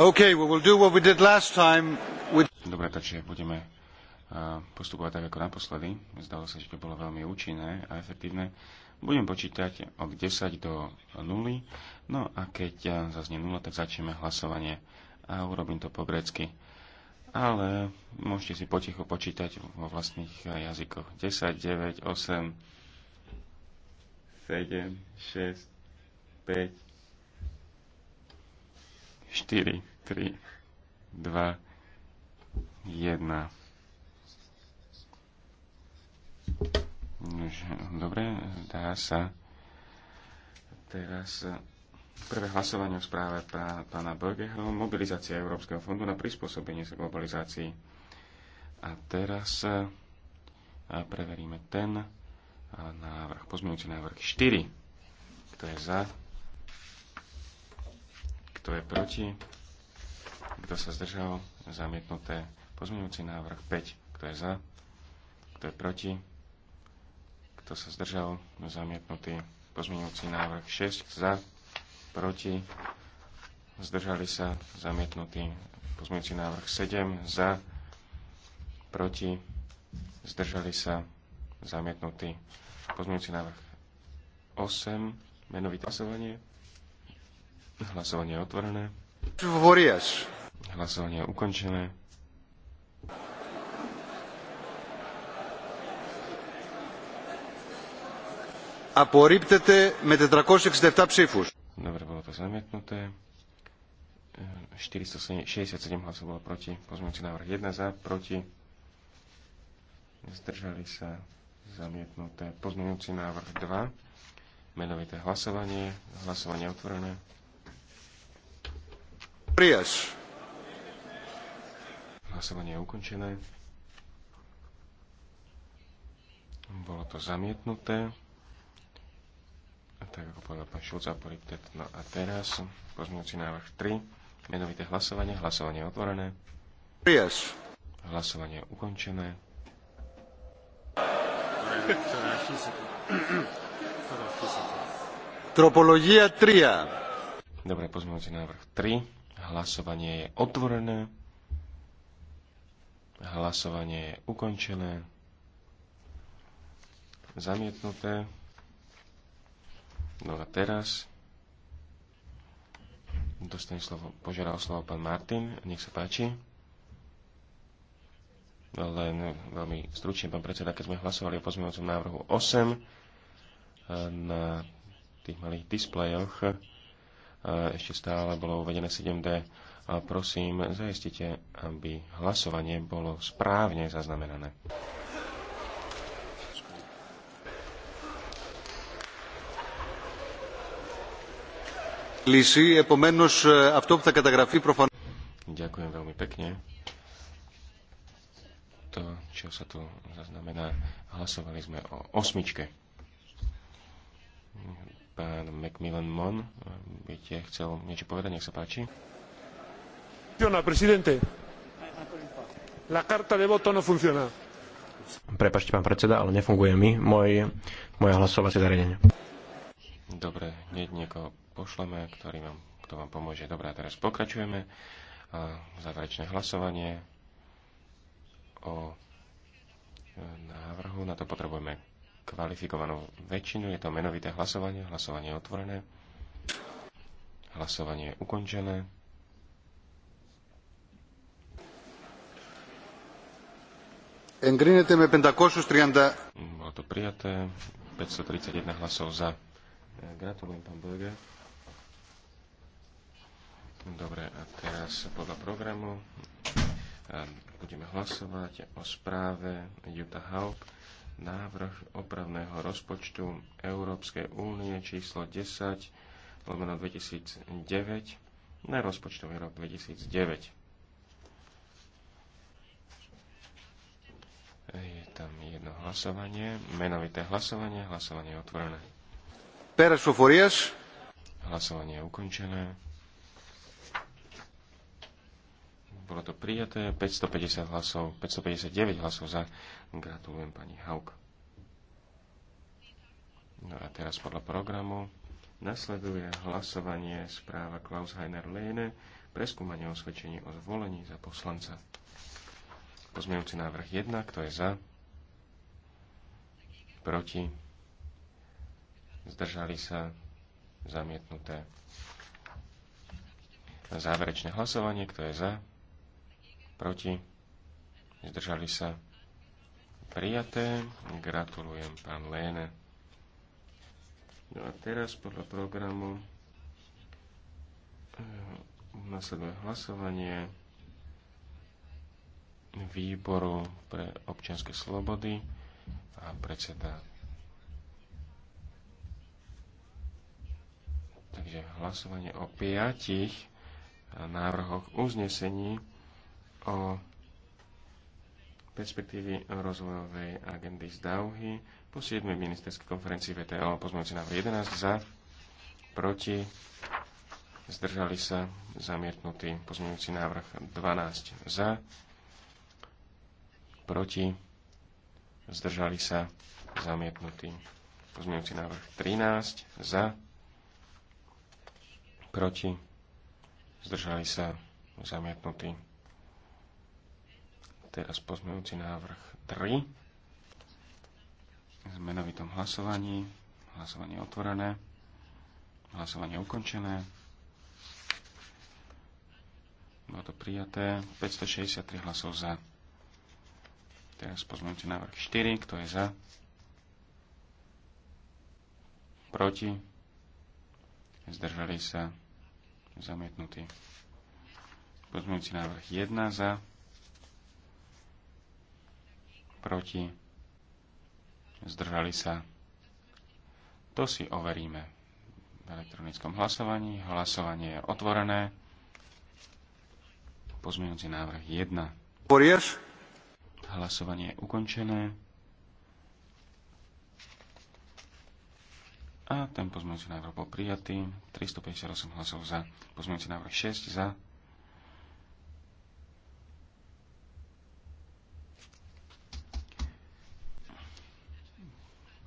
Okay, we will do what we did last time with... Dobre, takže budeme postupovať tak ako naposledy. Zdalo sa, že to bolo veľmi účinné a efektívne. Budem počítať od 10 do 0. No a keď zaznie 0, tak začneme hlasovanie. A urobím to po grecky. Ale môžete si potichu počítať vo vlastných jazykoch. 10, 9, 8, 7, 6, 5, 4. 3, 2, 1. Dobre, dá sa. Teraz eh, prvé hlasovanie v správe pána Borgeho, mobilizácia Európskeho fondu na prispôsobenie sa globalizácii. A teraz eh, preveríme ten eh, návrh, pozmeňujúci návrh 4. Kto je za? Kto je proti? Kto sa zdržal? Zamietnuté. Pozmeňujúci návrh 5. Kto je za? Kto je proti? Kto sa zdržal? Zamietnutý. Pozmeňujúci návrh 6. Za? Proti? Zdržali sa? Zamietnutý. Pozmeňujúci návrh 7. Za? Proti? Zdržali sa? Zamietnutý. Pozmeňujúci návrh 8. Menovité hlasovanie. Hlasovanie je otvorené. hovoríš? Hlasovanie je ukončené. Απορρίπτεται με 467 ψήφους. Dobre, bolo to zamietnuté. 467 hlasov bolo proti. Pozmeňujúci návrh 1 za, proti. Zdržali sa zamietnuté. Pozmeňujúci návrh 2. Menovité hlasovanie. Hlasovanie otvorené. Prijaš. Hlasovanie je ukončené. Bolo to zamietnuté. A tak ako povedal pán Šulc a No a teraz pozmúci návrh 3. Menovité hlasovanie. Hlasovanie je otvorené. Yes. Hlasovanie je ukončené. Tropologia 3. Dobre, pozmúci návrh 3. Hlasovanie je otvorené. Hlasovanie je ukončené. Zamietnuté. No a teraz dostane slovo, požiadal slovo pán Martin. Nech sa páči. Len veľmi stručne, pán predseda, keď sme hlasovali o pozmeňovacom návrhu 8 eh, na tých malých displejoch, eh, ešte stále bolo uvedené 7D a prosím, zajistite, aby hlasovanie bolo správne zaznamenané. Ďakujem veľmi pekne. To, čo sa tu zaznamená, hlasovali sme o osmičke. Pán Macmillan Mon, by ste chcel niečo povedať, nech sa páči presidente. La carta de voto no funciona. Prepačte, pán predseda, ale nefunguje mi môj, moje hlasovacie zariadenie. Dobre, hneď niekoho pošleme, ktorý vám, kto vám pomôže. Dobre, a teraz pokračujeme. záverečné hlasovanie o e, návrhu. Na to potrebujeme kvalifikovanú väčšinu. Je to menovité hlasovanie. Hlasovanie je otvorené. Hlasovanie je ukončené. Εγκρίνεται με 530... Bolo to prijaté. 531 hlasov za. E, gratulujem, pán Böge. Dobre, a teraz podľa programu e, budeme hlasovať o správe Juta Haug návrh opravného rozpočtu Európskej únie číslo 10 lomeno 2009 na rozpočtový rok 2009. hlasovanie, menovité hlasovanie, hlasovanie je otvorené. Pérez Hlasovanie je ukončené. Bolo to prijaté, 550 hlasov, 559 hlasov za. Gratulujem pani Hauk. No a teraz podľa programu nasleduje hlasovanie správa Klaus Heiner Lehne, preskúmanie osvedčení o zvolení za poslanca. Pozmejúci návrh 1, kto je za? proti, zdržali sa, zamietnuté. Záverečné hlasovanie, kto je za, proti, zdržali sa, prijaté. Gratulujem, pán Léne. No a teraz podľa programu eh, nasleduje hlasovanie výboru pre občianske slobody a predseda. Takže hlasovanie o piatich návrhoch uznesení o perspektívy rozvojovej agendy z Dauhy po 7. ministerskej konferencii VTO pozmeňujúci návrh 11 za, proti, zdržali sa, zamietnutý pozmeňujúci návrh 12 za, proti, zdržali sa, zamietnutý. Pozmeňujúci návrh 13, za, proti, zdržali sa, zamietnutý. Teraz pozmeňujúci návrh 3, v tom hlasovaní, hlasovanie otvorené, hlasovanie ukončené, bolo to prijaté, 563 hlasov za. Teraz pozmeňte návrh 4, kto je za? Proti? Zdržali sa? zamietnutí, Pozmeňte návrh 1 za? Proti? Zdržali sa? To si overíme v elektronickom hlasovaní. Hlasovanie je otvorené. Pozmeňujúci návrh 1. Porieš? Hlasovanie je ukončené. A ten pozmeňujúci návrh bol prijatý. 358 hlasov za. Pozmeňujúci návrh 6 za.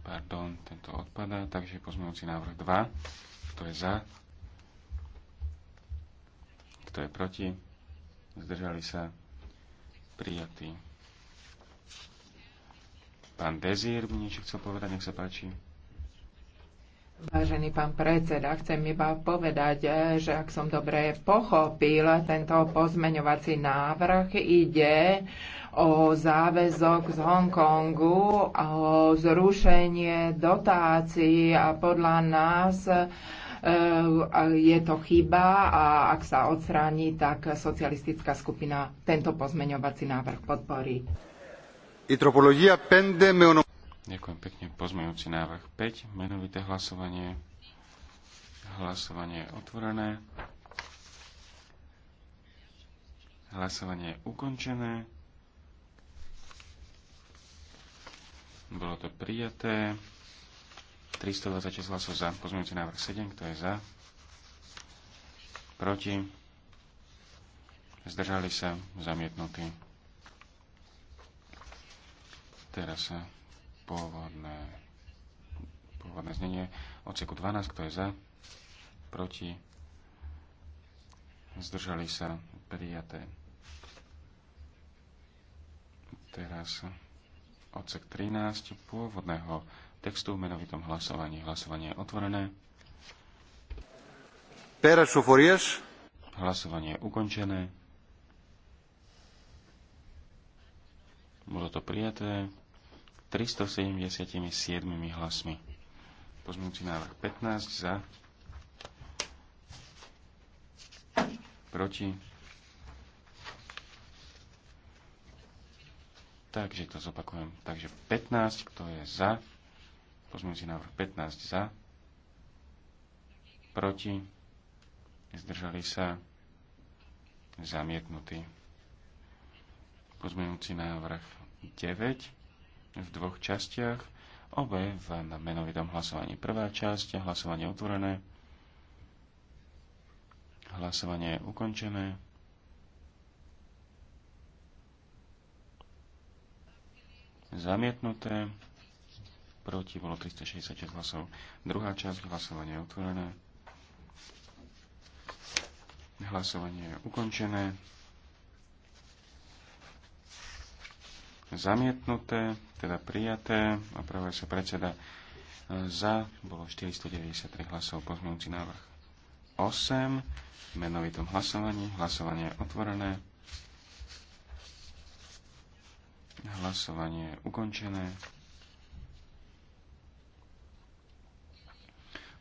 Pardon, tento odpadá, takže pozmeňujúci návrh 2. Kto je za? Kto je proti? Zdržali sa? Prijatý. Pán Dezír by niečo chcel povedať, nech sa páči. Vážený pán predseda, chcem iba povedať, eh, že ak som dobre pochopil, tento pozmeňovací návrh ide o záväzok z Hongkongu, o zrušenie dotácií a podľa nás eh, je to chyba a ak sa odstráni, tak socialistická skupina tento pozmeňovací návrh podporí. Ďakujem pekne. Pozmejúci návrh 5, menovité hlasovanie. Hlasovanie je otvorené. Hlasovanie je ukončené. Bolo to prijaté. 326 hlasov za. Pozmeňujúci návrh 7. Kto je za? Proti? Zdržali sa? zamietnutý. Teraz eh, pôvodné, pôvodné znenie odseku 12, kto je za, proti, zdržali sa prijaté. Teraz eh, odsek 13 pôvodného textu v menovitom hlasovaní. Hlasovanie je otvorené. Hlasovanie je ukončené. Bolo to prijaté. 377 hlasmi. Pozmúci návrh 15 za, proti. Takže to zopakujem. Takže 15, kto je za, pozmúci návrh 15 za, proti, zdržali sa, zamietnutý. Pozmúci návrh 9 v dvoch častiach, obe v menovitom hlasovaní. Prvá časť, hlasovanie otvorené, hlasovanie je ukončené. Zamietnuté. Proti bolo 366 hlasov. Druhá časť, hlasovanie je otvorené. Hlasovanie je ukončené. zamietnuté, teda prijaté. Opravuje sa predseda e, za, bolo 493 hlasov pozmeňujúci návrh 8 v menovitom hlasovaní. Hlasovanie je otvorené. Hlasovanie je ukončené.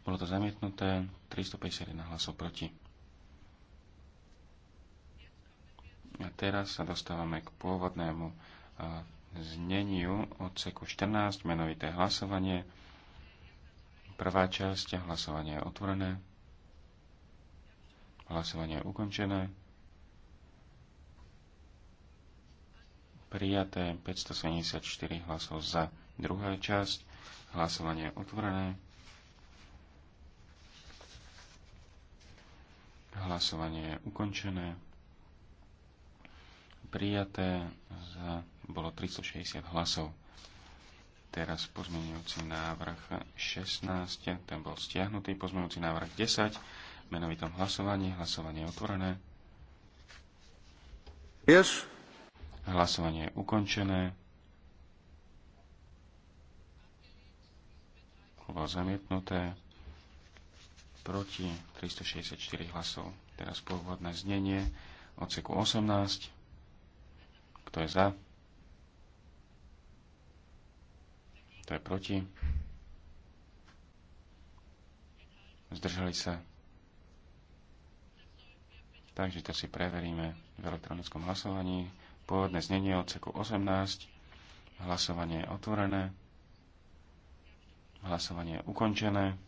Bolo to zamietnuté 351 hlasov proti. A teraz sa dostávame k pôvodnému zneniu odseku 14, menovité hlasovanie. Prvá časť, hlasovanie je otvorené. Hlasovanie je ukončené. Prijaté 574 hlasov za. Druhá časť, hlasovanie je otvorené. Hlasovanie je ukončené. Prijaté za bolo 360 hlasov. Teraz pozmeňujúci návrh 16, ten bol stiahnutý, pozmeňujúci návrh 10, menovitom hlasovanie, hlasovanie je otvorené. Yes. Hlasovanie je ukončené. Bolo zamietnuté proti 364 hlasov. Teraz pôvodné znenie odseku 18. Kto je za? Kto je proti. Zdržali sa. Takže to si preveríme v elektronickom hlasovaní. Pôvodné znenie odseku 18. Hlasovanie je otvorené. Hlasovanie je ukončené.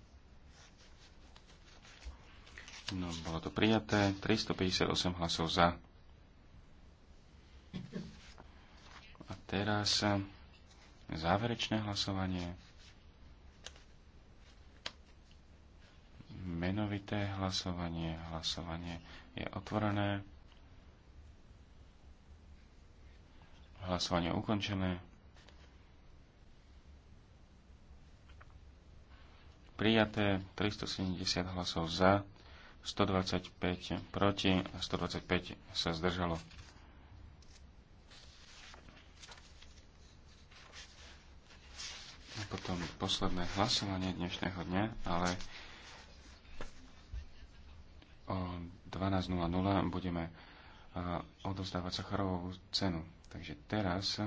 No, bolo to prijaté. 358 hlasov za. A teraz záverečné hlasovanie, menovité hlasovanie, hlasovanie je otvorené, hlasovanie ukončené, prijaté 370 hlasov za, 125 proti a 125 sa zdržalo. potom posledné hlasovanie dnešného dňa, ale o 12.00 budeme odozdávať Sacharovú cenu. Takže teraz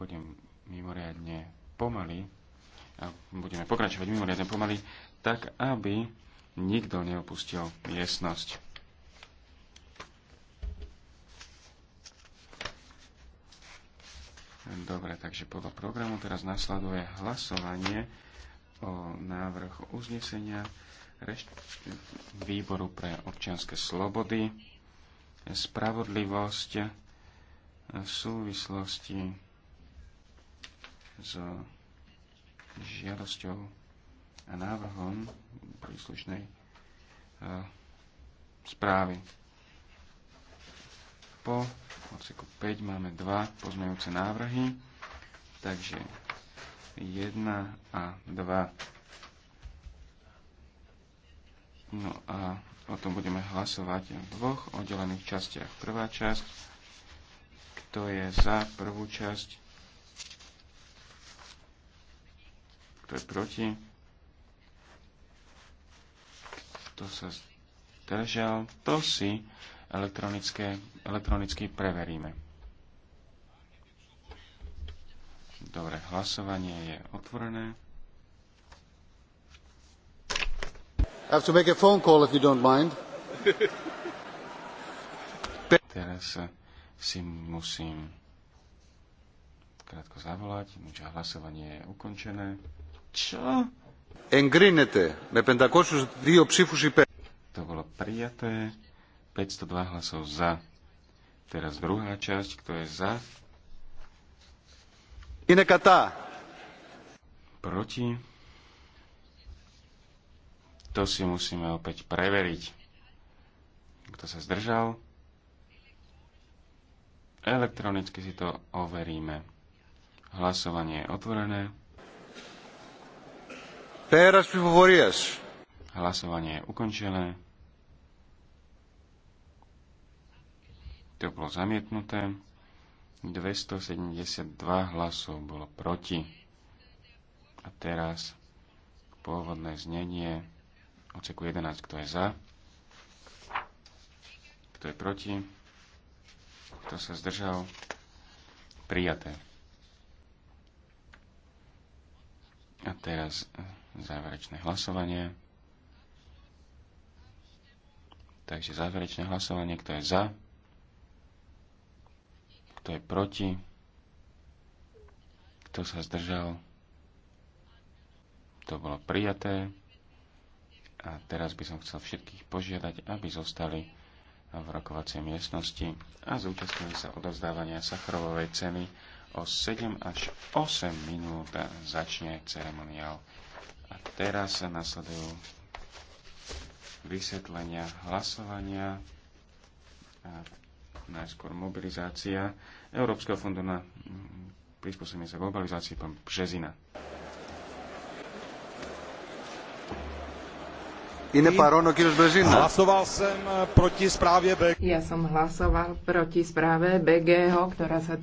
budem mimoriadne pomaly a budeme pokračovať mimoriadne pomaly, tak aby nikto neopustil miestnosť. Dobre, takže podľa programu teraz nasleduje hlasovanie o návrh uznesenia výboru pre občianske slobody, spravodlivosť v súvislosti s žiadosťou a návrhom príslušnej eh, správy po odseku 5 máme dva pozmeňujúce návrhy, takže 1 a 2. No a o tom budeme hlasovať v dvoch oddelených častiach. Prvá časť, kto je za prvú časť, kto je proti, kto sa zdržal, to si elektronicky preveríme. Dobre, hlasovanie je otvorené. I have to make a phone call if you don't mind. Teraz si musím krátko zavolať, že hlasovanie je ukončené. Čo? Engrinete me dio ψήφους υπέρ. To bolo prijaté. 502 hlasov za. Teraz druhá časť, kto je za? Inekatá. Proti. To si musíme opäť preveriť. Kto sa zdržal? Elektronicky si to overíme. Hlasovanie je otvorené. Teraz Hlasovanie je ukončené. To bolo zamietnuté. 272 hlasov bolo proti. A teraz pôvodné znenie odseku 11, kto je za, kto je proti, kto sa zdržal, prijaté. A teraz záverečné hlasovanie. Takže záverečné hlasovanie, kto je za, kto je proti? Kto sa zdržal? To bolo prijaté. A teraz by som chcel všetkých požiadať, aby zostali v rokovacej miestnosti a zúčastnili sa odovzdávania Sacharovovej ceny o 7 až 8 minút začne ceremoniál. A teraz sa nasledujú vysvetlenia hlasovania. A najskôr mobilizácia Európskeho fondu na prispôsobenie sa globalizácii, pán Březina. Hlasoval som proti správe BG. Ja som hlasoval proti správe BG, ktorá sa